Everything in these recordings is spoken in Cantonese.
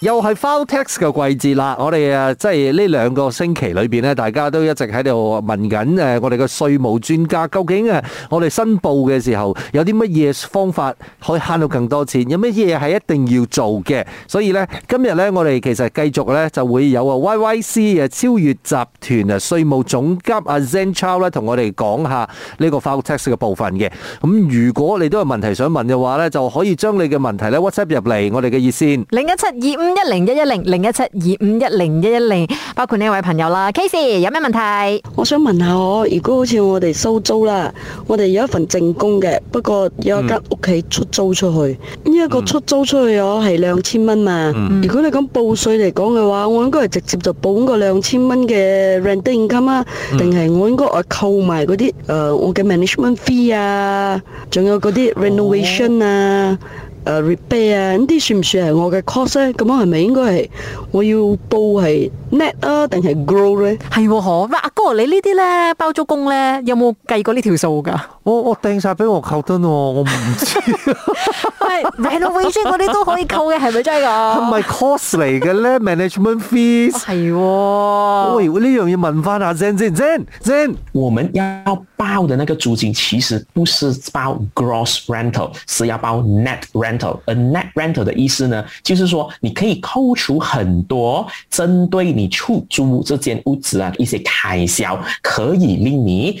又係 file tax 嘅季節啦，我哋啊，即係呢兩個星期裏邊呢，大家都一直喺度問緊，呃，我哋嘅稅務專家究竟啊，我哋申報嘅時候有啲乜嘢方法可以慳到更多錢，有乜嘢係一定要做嘅？所以呢，今日呢，我哋其實繼續呢就會有啊 YYC 超越集團稅務總監啊 Zen Chow 呢同我哋講下呢個 file tax 嘅部分嘅。咁如果你都有問題想問嘅話呢，就可以將你嘅問題呢 WhatsApp 入嚟我哋嘅熱線零一七。一零一一零零一七二五一零一一零，包括呢一位朋友啦，Casey 有咩問題？我想問下我，如果好似我哋收租啦，我哋有一份正工嘅，不過有一間屋企出租出去，呢一個出租出去我係兩千蚊嘛？如果你咁報稅嚟講嘅話，我應該係直接就報嗰兩千蚊嘅 rental income 啊？定係我應該啊扣埋嗰啲誒，我嘅 management fee 啊，仲有嗰啲 renovation 啊？誒，repair，啊，呢啲算唔算係我嘅 cost 咧？咁樣係咪應該係我要報係 net 啊，定係 grow 咧？係，喎，阿哥你呢啲咧，包租公咧，有冇計過呢條數噶？我我定晒俾我扣得咯，我唔知道。唔係 management 嗰啲都可以扣嘅，係咪真㗎？My cost 嚟嘅咧？Management fees 係 喎、哦。喂、哦，呢、哦、樣、這個、要問翻阿、啊、Zen, Zen Zen Zen。我們要報的那個租金其實不是包 gross rental，是要包 net rental。A net rental 的意思呢，就是說你可以扣除很多針對你出租這間屋子啊一些開銷，可以令你。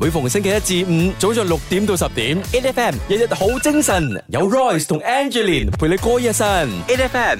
每逢星期一至五早上六點到十點，A F M 日日好精神，有 Royce 同 Angeline 陪你過一晨，A F M。